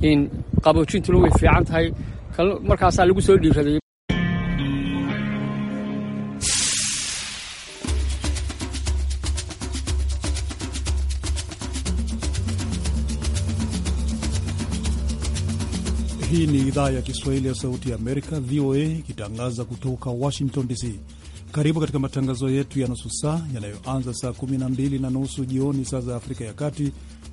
in qaboojintuna way fiican tahay markaasaa lagu soo dhiiraday Hii ni idhaa ya Kiswahili ya Sauti ya Amerika, VOA, ikitangaza kutoka Washington DC. Karibu katika matangazo yetu ya nusu saa yanayoanza saa 12 na nusu jioni saa za Afrika ya Kati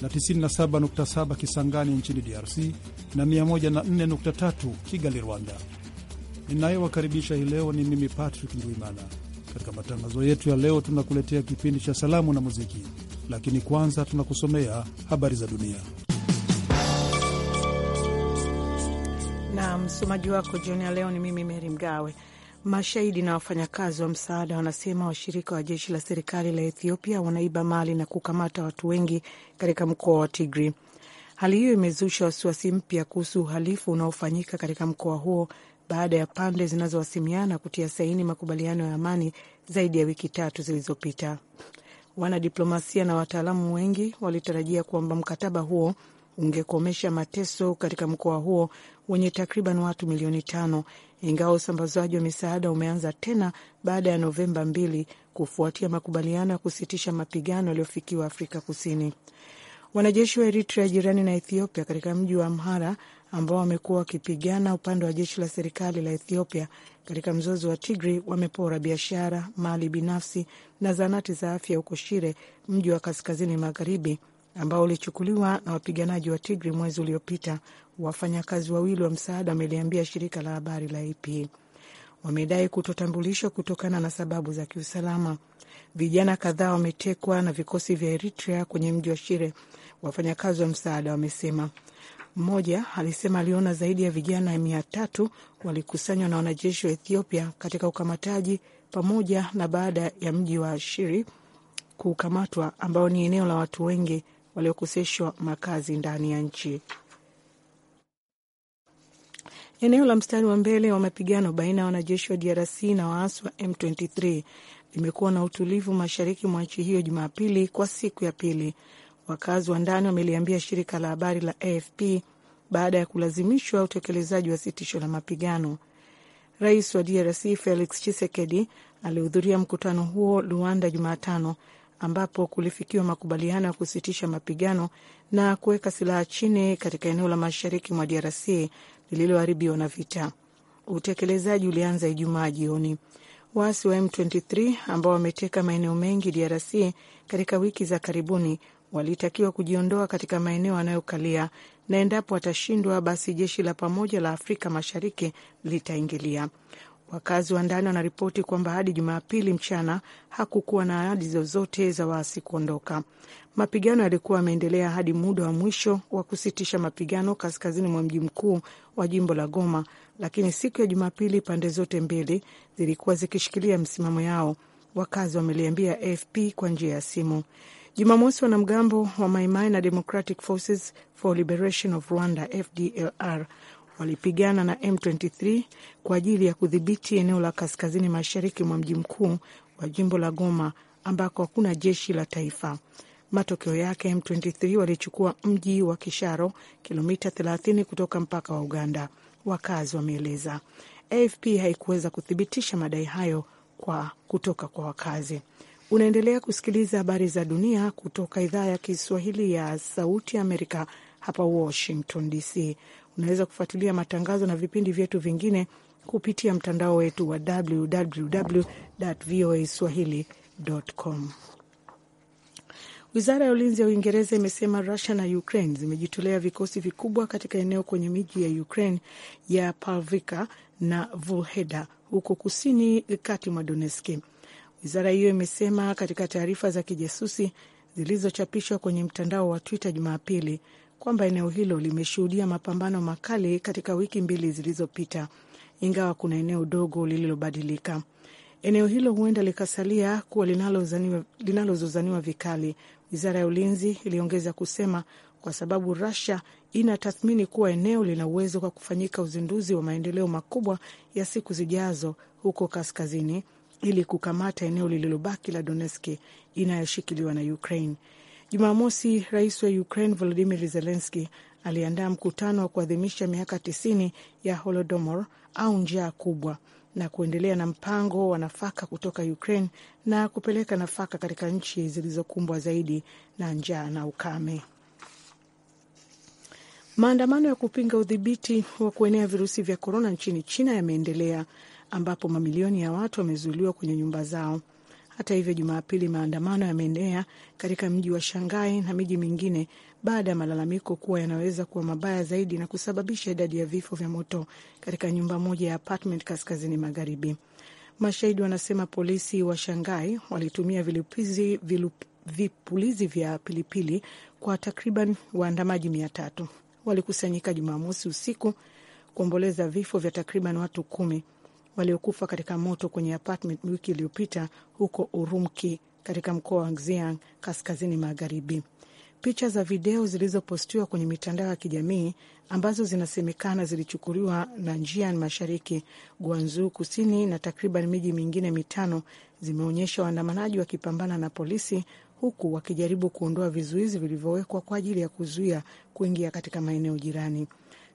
na 97.7 Kisangani nchini DRC na 104.3 Kigali, Rwanda. Ninayowakaribisha hii leo ni mimi Patrick Ndwimana. Katika matangazo yetu ya leo, tunakuletea kipindi cha salamu na muziki, lakini kwanza tunakusomea habari za dunia na msomaji wako jioni ya leo ni mimi Meri Mgawe. Mashahidi na wafanyakazi wa msaada wanasema washirika wa jeshi la serikali la Ethiopia wanaiba mali na kukamata watu wengi katika mkoa wa Tigri. Hali hiyo imezusha wasiwasi mpya kuhusu uhalifu unaofanyika katika mkoa huo baada ya pande zinazohasimiana kutia saini makubaliano ya amani zaidi ya wiki tatu zilizopita. Wanadiplomasia na wataalamu wengi walitarajia kwamba mkataba huo ungekomesha mateso katika mkoa huo wenye takriban watu milioni tano ingawa usambazaji wa misaada umeanza tena baada ya Novemba mbili kufuatia makubaliano ya kusitisha mapigano yaliyofikiwa Afrika Kusini. Wanajeshi wa Eritrea jirani na Ethiopia katika mji wa Amhara ambao wamekuwa wakipigana upande wa jeshi la serikali la Ethiopia katika mzozo wa Tigri wamepora biashara, mali binafsi na zanati za afya huko Shire, mji wa kaskazini magharibi ambao ulichukuliwa na wapiganaji wa Tigri mwezi uliopita, wafanyakazi wawili wa msaada wameliambia shirika la habari la AP. Wamedai kutotambulishwa kutokana na sababu za kiusalama. Vijana kadhaa wametekwa na vikosi vya Eritrea kwenye mji wa Shire, wafanyakazi wa msaada wamesema. Mmoja alisema aliona zaidi ya vijana mia tatu walikusanywa na wanajeshi wa Ethiopia katika ukamataji pamoja na baada ya mji wa Shiri kukamatwa, ambao ni eneo la watu wengi waliokoseshwa makazi ndani ya nchi. Eneo la mstari wa mbele wa mapigano baina ya wanajeshi wa DRC na waasi wa M23 limekuwa na utulivu mashariki mwa nchi hiyo Jumapili kwa siku ya pili, wakazi wa ndani wameliambia shirika la habari la AFP baada ya kulazimishwa utekelezaji wa sitisho la mapigano. Rais wa DRC Felix Tshisekedi alihudhuria mkutano huo Luanda Jumatano ambapo kulifikiwa makubaliano ya kusitisha mapigano na kuweka silaha chini katika eneo la mashariki mwa DRC lililoharibiwa na vita. Utekelezaji ulianza Ijumaa jioni. Waasi wa M23 ambao wameteka maeneo mengi DRC katika wiki za karibuni walitakiwa kujiondoa katika maeneo anayokalia na endapo watashindwa, basi jeshi la pamoja la Afrika Mashariki litaingilia. Wakazi wa ndani wanaripoti kwamba hadi Jumapili mchana hakukuwa na ahadi zozote za waasi kuondoka. Mapigano yalikuwa yameendelea hadi muda wa mwisho wa kusitisha mapigano kaskazini mwa mji mkuu wa jimbo la Goma, lakini siku ya Jumapili pande zote mbili zilikuwa zikishikilia msimamo yao, wakazi wameliambia AFP kwa njia ya simu. Jumamosi, wanamgambo wa Maimai na Democratic Forces for Liberation of Rwanda, FDLR, walipigana na M23 kwa ajili ya kudhibiti eneo la kaskazini mashariki mwa mji mkuu wa jimbo la Goma ambako hakuna jeshi la taifa. Matokeo yake M23 walichukua mji wa Kisharo, kilomita 30 kutoka mpaka wa Uganda, wakazi wameeleza. AFP haikuweza kuthibitisha madai hayo kwa kutoka kwa wakazi. Unaendelea kusikiliza habari za dunia kutoka idhaa ya Kiswahili ya Sauti Amerika hapa Washington DC. Unaweza kufuatilia matangazo na vipindi vyetu vingine kupitia mtandao wetu wa www voa swahili.com. Wizara ya ulinzi ya Uingereza imesema Rusia na Ukraine zimejitolea vikosi vikubwa katika eneo kwenye miji ya Ukraine ya Pavlivka na vulheda huko kusini kati mwa Donetski. Wizara hiyo imesema katika taarifa za kijasusi zilizochapishwa kwenye mtandao wa Twitter Jumapili kwamba eneo hilo limeshuhudia mapambano makali katika wiki mbili zilizopita, ingawa kuna eneo dogo lililobadilika. Eneo hilo huenda likasalia kuwa linalozozaniwa vikali, wizara ya ulinzi iliongeza kusema, kwa sababu Russia inatathmini kuwa eneo lina uwezo kwa kufanyika uzinduzi wa maendeleo makubwa ya siku zijazo huko kaskazini ili kukamata eneo lililobaki la Donetsk inayoshikiliwa na Ukraine. Jumamosi, rais wa Ukraine Volodimir Zelenski aliandaa mkutano wa kuadhimisha miaka tisini ya Holodomor au njaa kubwa na kuendelea na mpango wa nafaka kutoka Ukraine na kupeleka nafaka katika nchi zilizokumbwa zaidi na njaa na ukame. Maandamano ya kupinga udhibiti wa kuenea virusi vya korona nchini China yameendelea ambapo mamilioni ya watu wamezuiliwa kwenye nyumba zao. Hata hivyo, Jumapili maandamano yameenea katika mji wa Shanghai na miji mingine baada ya malalamiko kuwa yanaweza kuwa mabaya zaidi na kusababisha idadi ya vifo vya moto katika nyumba moja ya apartment kaskazini magharibi. Mashahidi wanasema polisi wa Shanghai walitumia vilupizi, vilup, vipulizi vya pilipili kwa takriban waandamaji mia tatu walikusanyika Jumamosi usiku kuomboleza vifo vya takriban watu kumi waliokufa katika moto kwenye apartment wiki iliyopita huko urumki katika mkoa wa Xian kaskazini magharibi. Picha za video zilizopostiwa kwenye mitandao ya kijamii ambazo zinasemekana zilichukuliwa na Njian Mashariki, guanzu Kusini na takriban miji mingine mitano zimeonyesha waandamanaji wakipambana na polisi huku wakijaribu kuondoa vizuizi vilivyowekwa kwa ajili ya kuzuia kuingia katika maeneo jirani.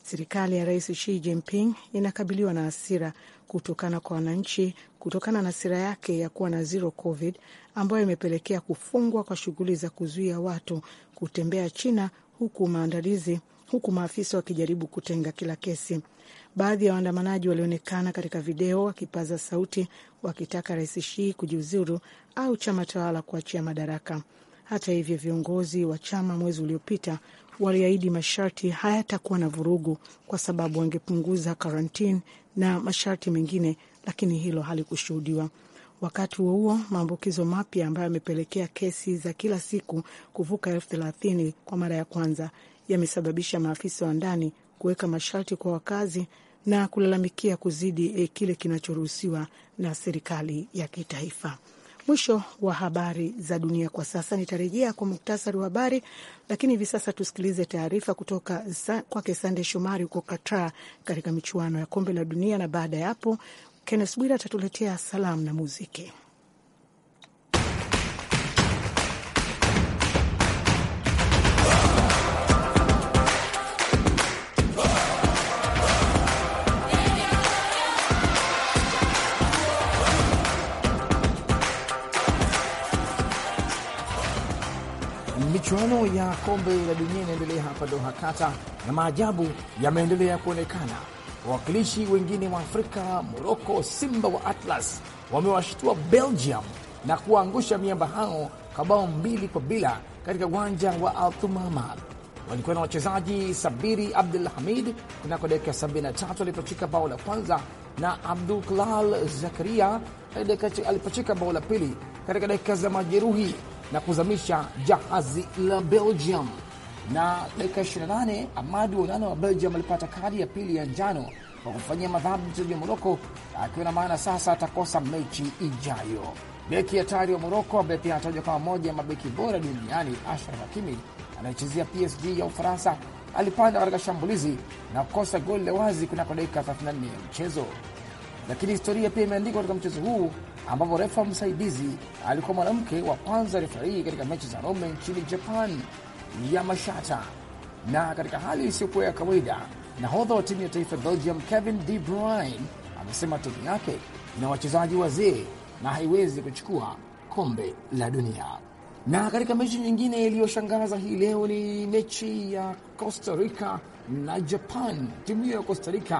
Serikali ya Rais Xi Jinping inakabiliwa na hasira kutokana kwa wananchi kutokana na sera yake ya kuwa na zero covid ambayo imepelekea kufungwa kwa shughuli za kuzuia watu kutembea China, huku maandalizi huku maafisa wakijaribu kutenga kila kesi. Baadhi ya waandamanaji walionekana katika video wakipaza sauti wakitaka Rais Xi kujiuzuru au chama tawala kuachia madaraka. Hata hivyo, viongozi wa chama mwezi uliopita waliahidi masharti hayatakuwa na vurugu kwa sababu wangepunguza karantini na masharti mengine, lakini hilo halikushuhudiwa. Wakati huo huo, maambukizo mapya ambayo yamepelekea kesi za kila siku kuvuka elfu thelathini kwa mara ya kwanza yamesababisha maafisa wa ndani kuweka masharti kwa wakazi na kulalamikia kuzidi eh, kile kinachoruhusiwa na serikali ya kitaifa. Mwisho wa habari za dunia kwa sasa. Nitarejea kwa muktasari wa habari, lakini hivi sasa tusikilize taarifa kutoka kwake Sande Shomari huko Qatar katika michuano ya kombe la dunia, na baada ya hapo Kennes Bwira atatuletea salamu na muziki. michuano ya kombe la dunia inaendelea hapa Doha, Kata, na maajabu yameendelea kuonekana. Wawakilishi wengine wa Afrika, Moroko, Simba wa Atlas wamewashtua Belgium na kuwaangusha miamba hao kwa bao mbili kwa bila katika uwanja wa Althumama. Walikuwa na wachezaji Sabiri Abdul Hamid kunako dakika 73 alipochika bao la kwanza na Abdul Kalal Zakaria eh, alipochika bao la pili katika dakika za majeruhi na kuzamisha jahazi la Belgium. Na dakika 28 Amadu Onana wa Belgium alipata kadi ya pili ya njano kwa kufanyia madhambi mchezaji wa Moroko, akiwa na maana sasa atakosa mechi ijayo. Beki hatari wa Moroko ambaye pia anatajwa kama moja ya mabeki bora duniani, Ashraf Hakimi anayechezea PSG ya Ufaransa alipanda katika shambulizi na kukosa goli la wazi kunako dakika 34 ya mchezo lakini historia pia imeandikwa katika mchezo huu ambapo refa msaidizi alikuwa mwanamke wa kwanza refarii katika mechi za Rome nchini Japan, Yamashata. Na katika hali isiyokuwa ya kawaida, nahodha wa timu ya taifa Belgium Kevin De Bruyne amesema timu yake ina wachezaji wazee na haiwezi kuchukua kombe la dunia. Na katika mechi nyingine iliyoshangaza hii leo ni mechi ya Costa Rica na Japan. Timu hiyo ya Costa Rica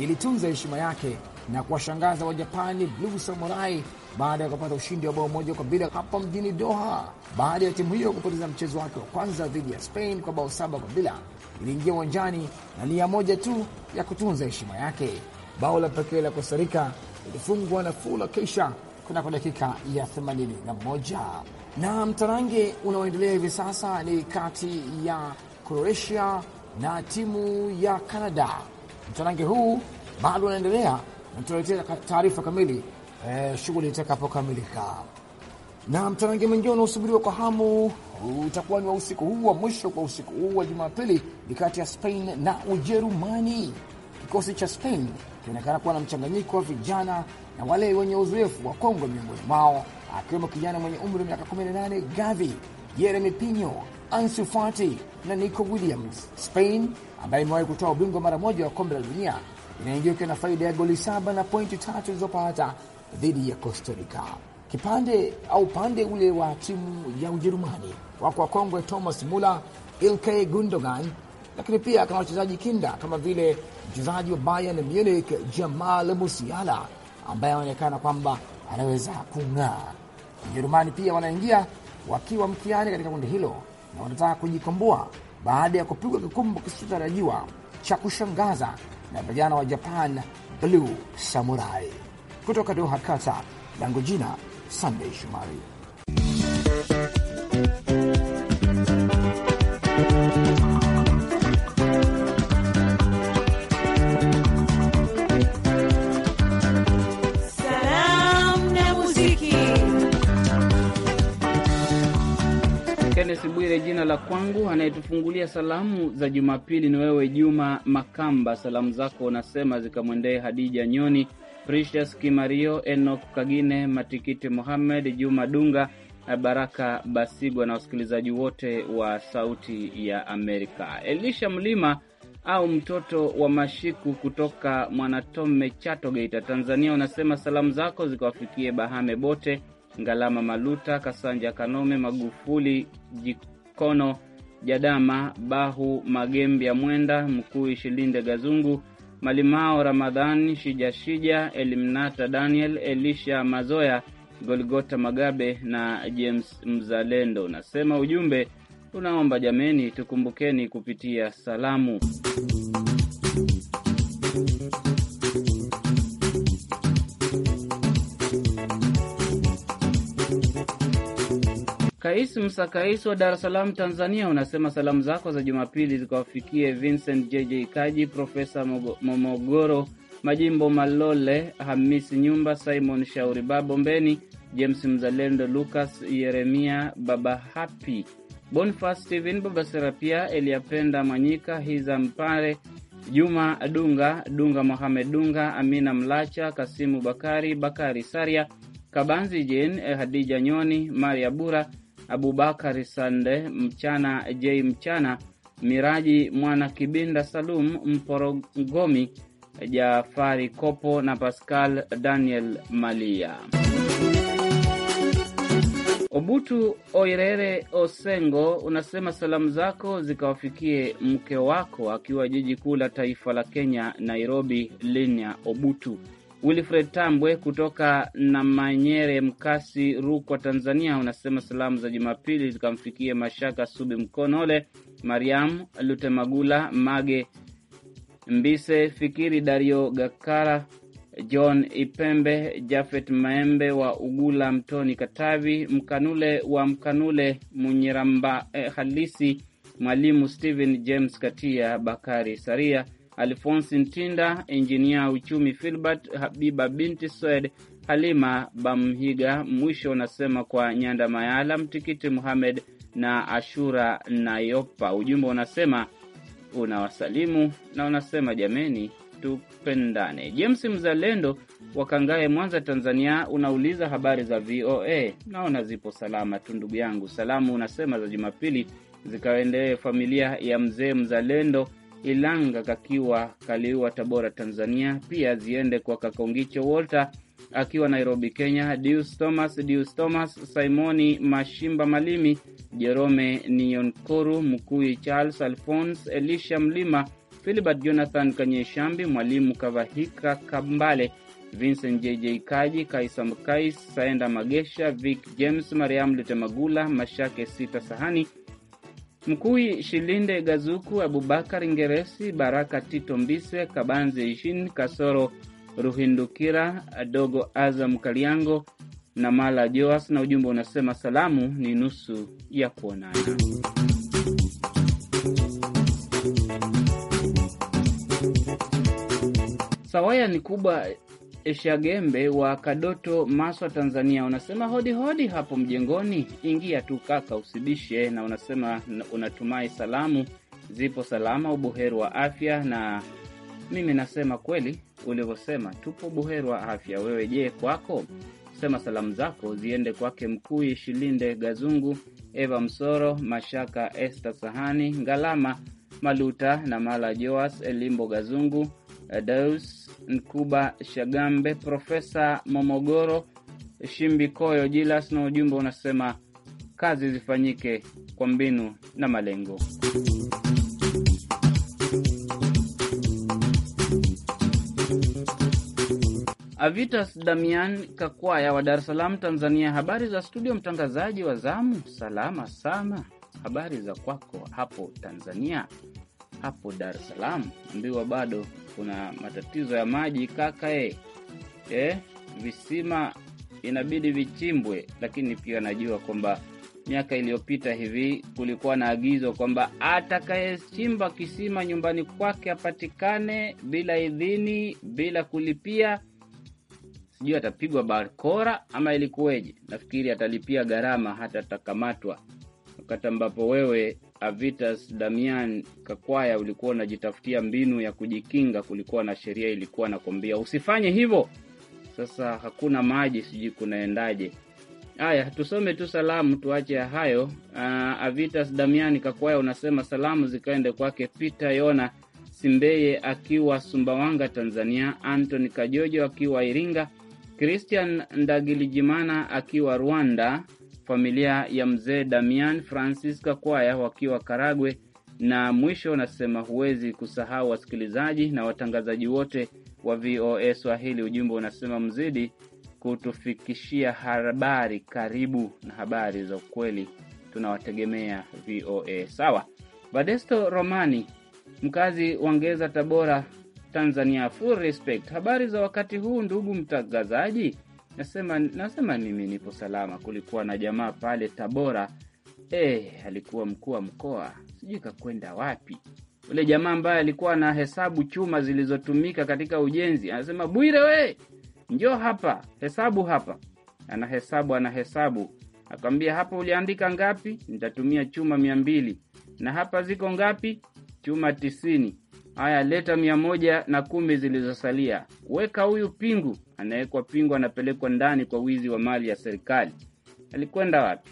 ilitunza heshima yake na kuwashangaza Wajapani Blue Samurai baada ya kupata ushindi wa bao moja kwa bila hapa mjini Doha. Baada ya timu hiyo kupoteza mchezo wake wa kwanza dhidi ya Spain kwa bao saba kwa bila, iliingia uwanjani na nia moja tu ya kutunza heshima yake. Bao la pekee la Costa Rica ilifungwa na Fula Keisha kunako dakika ya 81. Na mtarange unaoendelea hivi sasa ni kati ya Croatia na timu ya Canada. Mtarange huu bado unaendelea mtaletea taarifa kamili eh, shughuli itakapokamilika. Na mtanange mwingine unaosubiriwa kwa hamu utakuwa ni wa usiku huu wa mwisho kwa usiku huu wa Jumapili, ni kati ya Spain na Ujerumani. Kikosi cha Spain kionekana kuwa na mchanganyiko wa vijana na wale wenye uzoefu wa kongwe miongoni mwao, akiwemo kijana mwenye umri wa miaka 18 Gavi, Jeremy Pino, Ansu Fati na Nico Williams. Spain ambaye imewahi kutoa ubingwa mara moja wa kombe la dunia inaingia ikiwa na faida ya goli saba na pointi tatu ilizopata dhidi ya Costa Rica. Kipande au pande ule wa timu ya Ujerumani wako wakongwe Thomas Muller, Ilkay Gundogan, lakini pia kama wachezaji kinda kama vile mchezaji wa Bayern Munich Jamal Musiala ambaye anaonekana kwamba anaweza kung'aa. Ujerumani pia wanaingia wakiwa mkiani katika kundi hilo na wanataka kujikomboa baada ya kupigwa kikumbo kisichotarajiwa cha kushangaza na vijana wa Japan Blue Samurai kutoka Doha, Qatar. Langu jina Sunday Shumari. Kenneth Bwire jina la kwangu. Anayetufungulia salamu za Jumapili ni wewe Juma Makamba. Salamu zako unasema zikamwendee Hadija Nyoni, Precious Kimario, enok Kagine, Matikiti Mohamed, Juma Dunga na Baraka Basigwa na wasikilizaji wote wa Sauti ya Amerika. Elisha Mlima au mtoto wa Mashiku kutoka Mwanatome, Chato, Geita, Tanzania, unasema salamu zako zikawafikie Bahame bote Ngalama Maluta, Kasanja Kanome, Magufuli Jikono, Jadama Bahu, ya Mwenda, Mkuu Shilinde Gazungu, Malimao ramadhani Shijashija, Elimnata Daniel, Elisha Mazoya, Golgota Magabe na James Mzalendo. Nasema ujumbe unaomba jameni, tukumbukeni kupitia salamu. Rais Msakaiso wa Dar es Salaam, Tanzania, unasema salamu zako za Jumapili zikawafikie Vincent JJ Kaji, Profesa Momogoro Majimbo Malole, Hamisi Nyumba, Simon Shauri, babo mbeni James Mzalendo, Lucas Yeremia, Baba Hapi, Bonifas Stephen, Baba Serapia, Eliapenda Mwanyika, Hiza Mpare, Juma Dunga, Dunga Mohamed Dunga, Amina Mlacha, Kasimu Bakari, Bakari Saria, Kabanzi Jen, Hadija Nyoni, Maria Bura Abubakar Sande Mchana, J Mchana, Miraji Mwana Kibinda, Salum Mporogomi, Jafari Kopo na Pascal Daniel Malia. Obutu Oirere Osengo unasema salamu zako zikawafikie mke wako akiwa jiji kuu la taifa la Kenya, Nairobi, Linya Obutu Wilfred Tambwe kutoka na manyere Mkasi, Rukwa, Tanzania, unasema salamu za Jumapili zikamfikie Mashaka Subi Mkonole, Mariam Lutemagula, Mage Mbise, Fikiri Dario Gakara, John Ipembe, Jafet Maembe wa Ugula, Mtoni, Katavi, Mkanule wa Mkanule, Munyeramba eh, halisi Mwalimu Stephen James Katia, Bakari Saria Alfonsi Ntinda, Injinia Uchumi Filbert Habiba binti Swed, Halima Bamhiga. Mwisho unasema kwa Nyanda Mayala, Mtikiti Muhamed na Ashura Nayopa. Ujumbe unasema unawasalimu na unasema jameni, tupendane. James Mzalendo wa Kangae, Mwanza, Tanzania, unauliza habari za VOA. Naona zipo salama tu ndugu yangu. Salamu unasema za Jumapili zikaendelee familia ya mzee Mzalendo Ilanga Kakiwa kaliwa Tabora, Tanzania. Pia ziende kwa Kakongicho Walter akiwa Nairobi, Kenya. Deus Thomas, Deus Thomas, Simoni Mashimba Malimi, Jerome nionkoru Mkui Charles Alphonse, Elisha Mlima, Philibert Jonathan Kanyeshambi, Mwalimu Kavahika Kambale, Vincent JJ Kaji, Kaisa Mkais, Saenda Magesha, Vic James, Mariam Lutemagula, Mashake Sita Sahani Mkui Shilinde Gazuku, Abubakar Ngeresi, Baraka Tito Mbise, Kabanze Ishin Kasoro Ruhindukira, Adogo Azam Kaliango na Mala Joas, na ujumbe unasema salamu ni nusu ya kuonana. Sawaya ni kubwa Shagembe wa Kadoto, Maswa, Tanzania, unasema hodi hodi hapo mjengoni, ingia tu kaka usibishe, na unasema unatumai salamu zipo salama, ubuheri wa afya. Na mimi nasema kweli ulivyosema, tupo buheri wa afya. Wewe je, kwako? Sema salamu zako ziende kwake Mkui Shilinde, Gazungu, Eva Msoro, Mashaka, Esta Sahani, Ngalama Maluta na Mala Joas, Elimbo Gazungu Deus Nkuba Shagambe, Profesa Momogoro Shimbikoyo Jilas, na ujumbe unasema kazi zifanyike kwa mbinu na malengo. Avitas Damian Kakwaya wa Dar es Salaam, Tanzania. Habari za studio, mtangazaji wa zamu. Salama sana, habari za kwako hapo Tanzania? Hapo Dar es Salaam ambiwa bado kuna matatizo ya maji kaka e. E, visima inabidi vichimbwe, lakini pia najua kwamba miaka iliyopita hivi kulikuwa na agizo kwamba atakayechimba kisima nyumbani kwake apatikane bila idhini, bila kulipia. Sijui atapigwa bakora ama ilikuweje? Nafikiri atalipia gharama hata atakamatwa, wakati ambapo wewe Avitas Damian Kakwaya, ulikuwa unajitafutia mbinu ya kujikinga, kulikuwa na sheria ilikuwa nakwambia usifanye hivyo. Sasa hakuna maji, sijui kunaendaje. Haya, tusome tu salamu, tuache hayo. Uh, ah, Avitas Damian Kakwaya unasema salamu zikaende kwake Peter Yona Simbeye akiwa Sumbawanga, Tanzania, Anthony Kajojo akiwa Iringa, Christian Ndagilijimana akiwa Rwanda, familia ya mzee Damian Francis Kakwaya wakiwa Karagwe. Na mwisho nasema huwezi kusahau wasikilizaji na watangazaji wote wa VOA Swahili. Ujumbe unasema mzidi kutufikishia habari karibu na habari za ukweli, tunawategemea VOA. Sawa. Vadesto Romani, mkazi wa Ngeza, Tabora, Tanzania, full respect. Habari za wakati huu ndugu mtangazaji, Nasema, nasema mimi nipo salama. Kulikuwa na jamaa pale Tabora eh, alikuwa mkuu wa mkoa, sijui kakwenda wapi ule jamaa ambaye alikuwa na hesabu chuma zilizotumika katika ujenzi, anasema Bwire, we njoo hapa, hesabu hapa. Anahesabu, anahesabu, akamwambia hapa uliandika ngapi? Nitatumia chuma mia mbili. Na hapa ziko ngapi? Chuma tisini. Haya, leta mia moja na kumi zilizosalia, weka huyu pingu anawekwa pingu, anapelekwa ndani kwa wizi wa mali ya serikali. Alikwenda wapi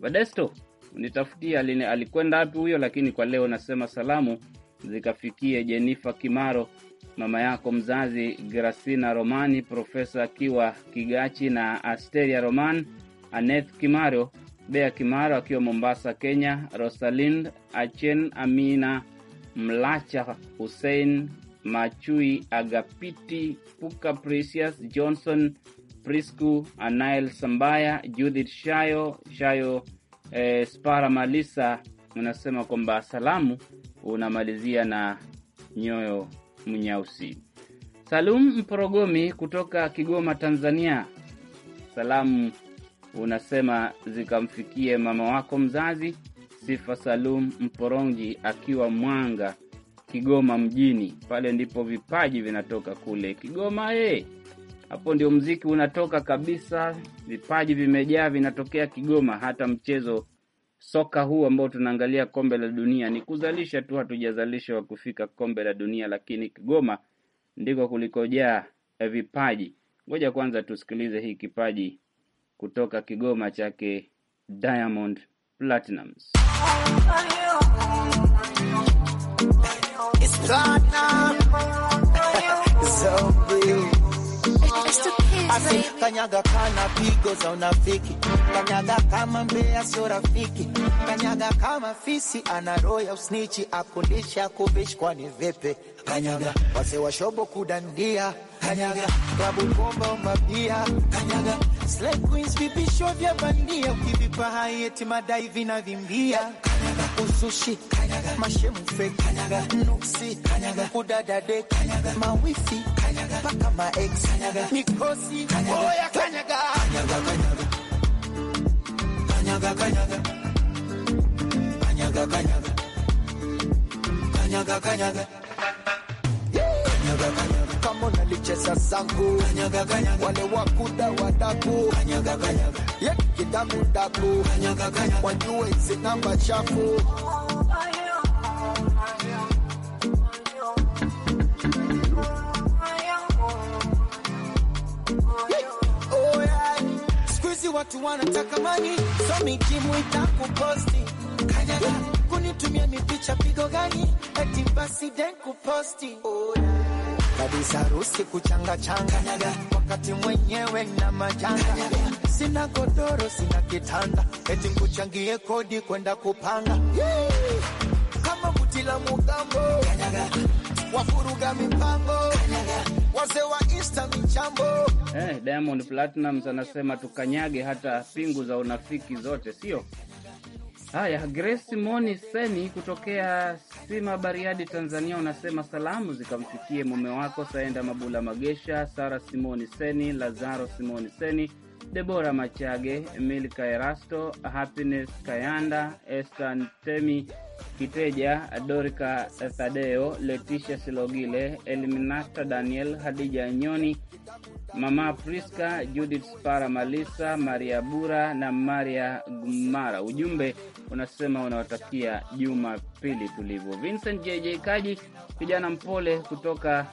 Badesto? Nitafutia alikwenda wapi huyo. Lakini kwa leo nasema salamu zikafikie Jenifa Kimaro, mama yako mzazi, Grasina Romani, Profesa akiwa Kigachi na Asteria Roman, Aneth Kimaro, Bea Kimaro akiwa Mombasa, Kenya, Rosalind Achen, Amina Mlacha, Hussein Machui, Agapiti Puka, Precious Johnson, Prisku Anael Sambaya, Judith Shayo Shayo, eh, Spara Malisa. Unasema kwamba salamu unamalizia na nyoyo mnyausi. Salum Mporogomi kutoka Kigoma, Tanzania, salamu unasema zikamfikie mama wako mzazi Sifa Salum Mporongi akiwa Mwanga Kigoma mjini, pale ndipo vipaji vinatoka kule Kigoma. Hey, hapo ndio mziki unatoka kabisa, vipaji vimejaa, vinatokea Kigoma. Hata mchezo soka huu ambao tunaangalia kombe la dunia ni kuzalisha tu, hatujazalisha wa kufika kombe la dunia, lakini Kigoma ndiko kulikojaa e, vipaji. Ngoja kwanza tusikilize hii kipaji kutoka Kigoma chake Diamond Platinumz It's Kanyaga kana pigo za unafiki, kanyaga kama mbea sio rafiki, kanyaga kama fisi ana roho ya usnichi, akundisha kuvishi kwani vipi? Kanyaga wase wa shobo kudandia, kanyaga klabu bomba mabia, kanyaga slay queens vipisho vya bandia, ukivipa haieti madai vinavimbia kanyaga uzushi kanyaga mashemufe kanyaga nuksi kanyaga kudadade kanyaga mawifi kanyaga paka ma ex kanyaga mikosi oya kanyaga kanyaga kanyaga kanyaga kanyaga kanyaga kanyaga kanyaga kama unalicheza zangu wale wakuda wadaku kanyaga kanyaga kitabu dako wajue hizi namba chafu Watu wanataka mani so mikimu itakuposti kanyaga kunitumia mipicha pigo gani eti basi den kuposti Kabisa rusi kuchanga changa kanyaga wakati mwenyewe na majanga kanyaga sina godoro, sina kitanda, eti nkuchangie kodi kwenda kupanga Kama buti la mugambo wafuruga mipango wazee wa insta michambo. Eh, Diamond Platinum anasema tukanyage hata pingu za unafiki zote, sio haya. Grace Moni Seni kutokea Sima, Bariadi, Tanzania, unasema salamu zikamfikie mume wako Saenda Mabula Magesha, Sara Simoni Seni, Lazaro Simoni Seni Debora Machage, Milka Erasto, Happiness Kayanda, Esta Ntemi Kiteja, Dorika Thadeo, Leticia Silogile, Eliminasta Daniel, Hadija Nyoni, Mama Priska, Judith Spara Malisa, Maria Bura na Maria Gumara. Ujumbe unasema unawatakia Jumapili tulivyo Vincent JJ Kaji, kijana mpole kutoka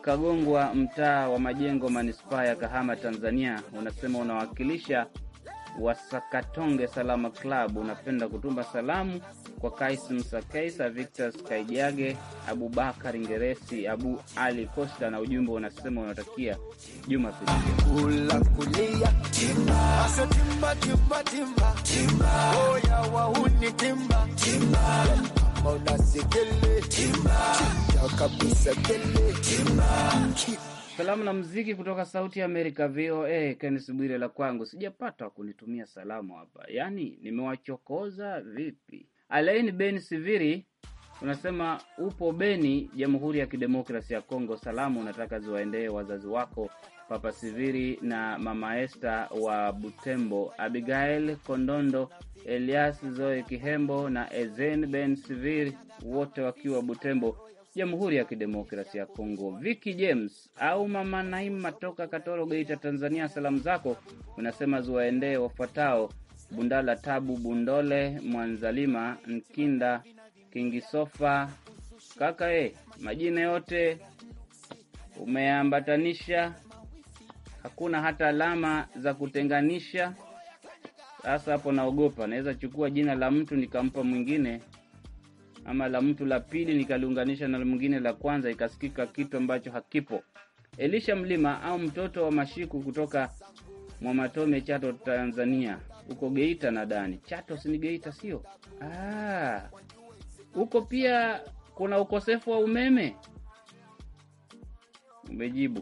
Kagongwa, mtaa wa Majengo, manispaa ya Kahama, Tanzania, unasema unawakilisha Wasakatonge Salama Club. Unapenda kutuma salamu kwa Kais Msakaisa, Victor Skaijage, Abubakar Ngeresi, Abu Ali Costa, na ujumbe unasema unatakia Jumapili kama unasekele timba kabisa kele timba Salamu na mziki kutoka Sauti ya Amerika, VOA. Kenis Bwire la kwangu, sijapata kunitumia salamu hapa, yaani nimewachokoza vipi? Alain Ben Siviri unasema upo Beni, Jamhuri ya Kidemokrasi ya Kongo. Salamu unataka ziwaendee wazazi wako Papa Siviri na Mama Esta wa Butembo, Abigail Kondondo, Elias Zoe Kihembo na Ezen Ben Siviri, wote wakiwa Butembo, Jamhuri ya Kidemokrasia ya Kongo. Viki James au Mama Naima toka Katoro, Geita, Tanzania, salamu zako unasema ziwaendee wafuatao: Bundala Tabu, Bundole Mwanzalima, Nkinda Kingisofa kaka e, majina yote umeambatanisha hakuna hata alama za kutenganisha. Sasa hapo naogopa, naweza chukua jina la mtu nikampa mwingine, ama la mtu la pili nikaliunganisha na mwingine la kwanza, ikasikika kitu ambacho hakipo. Elisha Mlima au mtoto wa Mashiku kutoka Mwamatome, Chato, Tanzania, huko Geita nadani Chato sini Geita, sio? huko ah. pia kuna ukosefu wa umeme. Umejibu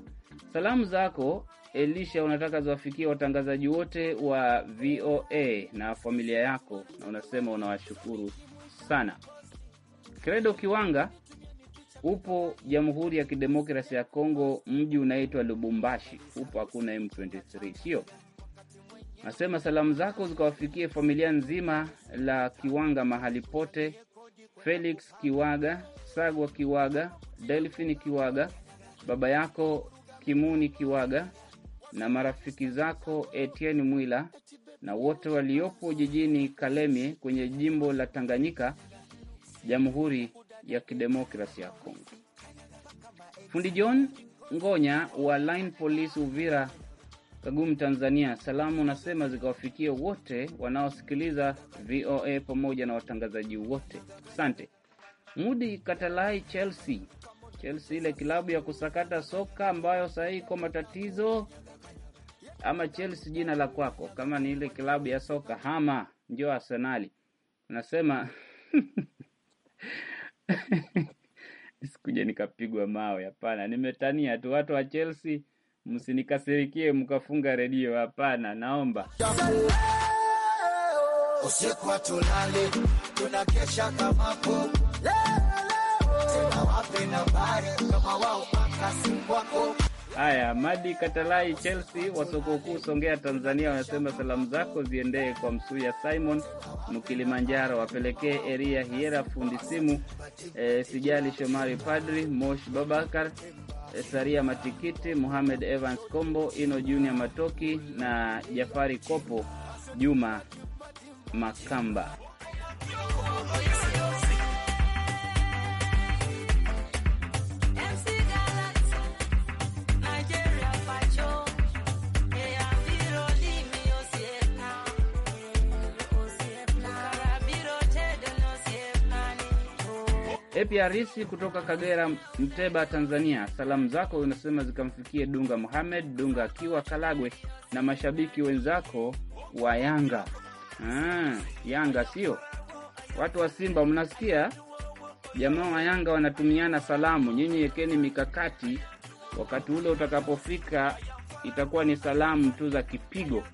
salamu zako Elisha unataka ziwafikie watangazaji wote wa VOA na familia yako, na unasema unawashukuru sana. Credo Kiwanga, upo Jamhuri ya Kidemokrasi ya Kongo, mji unaitwa Lubumbashi, upo hakuna M23, sio? Nasema salamu zako zikawafikie familia nzima la Kiwanga mahali pote, Felix Kiwaga, Sagwa Kiwaga, Delfin Kiwaga, baba yako Kimuni Kiwaga, na marafiki zako Etienne Mwila na wote waliopo jijini Kalemie kwenye jimbo la Tanganyika, Jamhuri ya Kidemokrasia ya Kongo. Fundi John Ngonya wa Line Police Uvira, Kagumu, Tanzania, salamu nasema zikawafikia wote wanaosikiliza VOA pamoja na watangazaji wote, asante. Mudi Katalai Chelsea, Chelsea ile kilabu ya kusakata soka ambayo sahii iko matatizo ama Chelsea jina la kwako, kama ni ile klabu ya soka hama, ndio Arsenali. Nasema sikuja nikapigwa mawe, hapana. Nimetania tu watu wa Chelsea, msinikasirikie mkafunga redio, hapana, naomba usiku tulale, tunakesha kama tena wape nambari kama wao wako Haya, Madi Katalai Chelsea wa soko kuu Songea Tanzania wanasema salamu zako ziendee kwa Msuya Simon Mkilimanjaro, wapelekee Eria Hiera fundi simu, e, Sijali Shomari Padri Mosh Babakar e, Saria Matikiti, Muhamed Evans Kombo, Ino Junior Matoki na Jafari Kopo, Juma Makamba. Epiarisi kutoka Kagera, Mteba, Tanzania, salamu zako unasema zikamfikie Dunga Muhamed Dunga akiwa Kalagwe na mashabiki wenzako wa Yanga. Ah, Yanga sio watu wa Simba, mnasikia jamaa wa Yanga wanatumiana salamu. Nyinyi wekeni mikakati, wakati ule utakapofika itakuwa ni salamu tu za kipigo.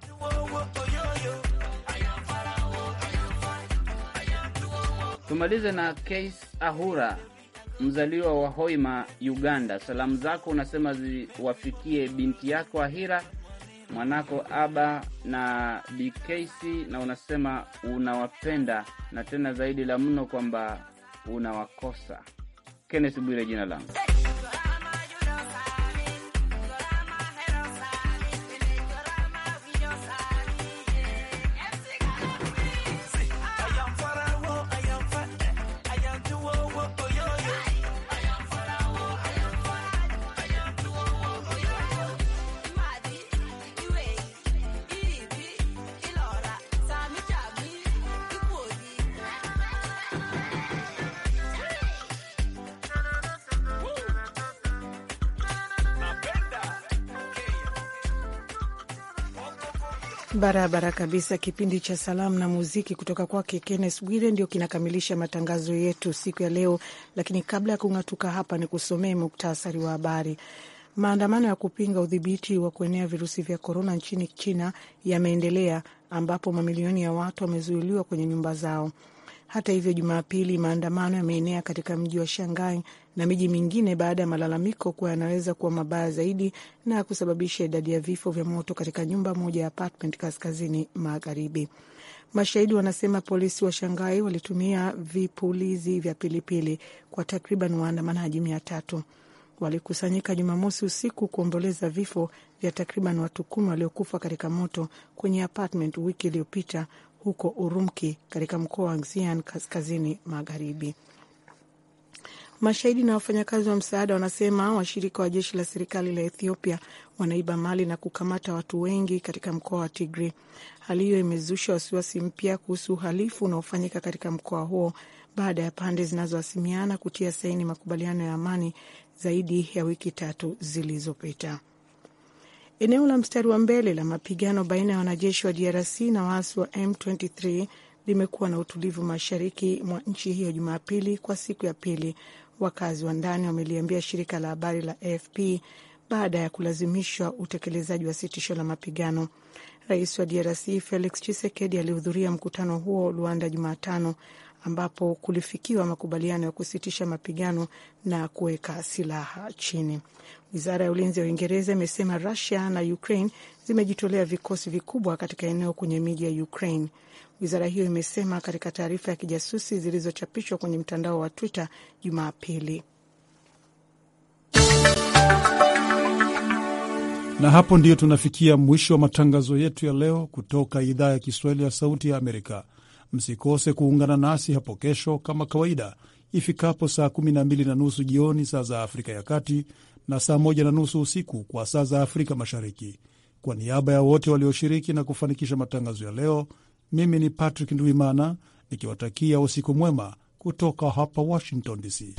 Tumalize na case Ahura, mzaliwa wa Hoima, Uganda, salamu zako unasema ziwafikie binti yako Ahira, mwanako Aba na Bikeisi, na unasema unawapenda na tena zaidi la mno kwamba unawakosa. Kenneth Bwire jina langu. Barabara kabisa. Kipindi cha salamu na muziki kutoka kwake Kennes Bwire ndio kinakamilisha matangazo yetu siku ya leo, lakini kabla ya kung'atuka hapa, ni kusomee muktasari wa habari. Maandamano ya kupinga udhibiti wa kuenea virusi vya korona nchini China yameendelea ambapo mamilioni ya watu wamezuiliwa kwenye nyumba zao. Hata hivyo, Jumapili maandamano yameenea katika mji wa Shanghai na miji mingine baada ya malalamiko kuwa yanaweza kuwa mabaya zaidi na kusababisha idadi ya vifo vya moto katika nyumba moja ya apartment kaskazini magharibi. Mashahidi wanasema polisi wa Shangai walitumia vipulizi vya pilipili kwa takriban waandamanaji mia tatu walikusanyika Jumamosi usiku kuomboleza vifo vya takriban watu kumi waliokufa katika moto kwenye apartment wiki iliyopita huko Urumki katika mkoa wa Xian kaskazini magharibi. Mashahidi na wafanyakazi wa msaada wanasema washirika wa jeshi la serikali la Ethiopia wanaiba mali na kukamata watu wengi katika mkoa wa Tigray. Hali hiyo imezusha wasiwasi mpya kuhusu uhalifu unaofanyika katika mkoa huo baada ya pande zinazohasimiana kutia saini makubaliano ya amani zaidi ya wiki tatu zilizopita. Eneo la mstari wa mbele la mapigano baina ya wanajeshi wa DRC na waasi wa M23 limekuwa na utulivu mashariki mwa nchi hiyo Jumapili kwa siku ya pili wakazi wa ndani wameliambia shirika la habari la AFP baada ya kulazimishwa utekelezaji wa sitisho la mapigano. Rais wa DRC Felix Tshisekedi alihudhuria mkutano huo Luanda Jumatano, ambapo kulifikiwa makubaliano ya kusitisha mapigano na kuweka silaha chini. Wizara ya ulinzi ya Uingereza imesema Rusia na Ukraine zimejitolea vikosi vikubwa katika eneo kwenye miji ya Ukraine wizara hiyo imesema katika taarifa ya kijasusi zilizochapishwa kwenye mtandao wa Twitter Jumapili. Na hapo ndiyo tunafikia mwisho wa matangazo yetu ya leo kutoka idhaa ya Kiswahili ya Sauti ya Amerika. Msikose kuungana nasi hapo kesho kama kawaida ifikapo saa 12 na nusu jioni saa za Afrika ya Kati na saa 1 na nusu usiku kwa saa za Afrika Mashariki. Kwa niaba ya wote walioshiriki na kufanikisha matangazo ya leo, mimi ni Patrick Ndwimana nikiwatakia usiku mwema kutoka hapa Washington DC.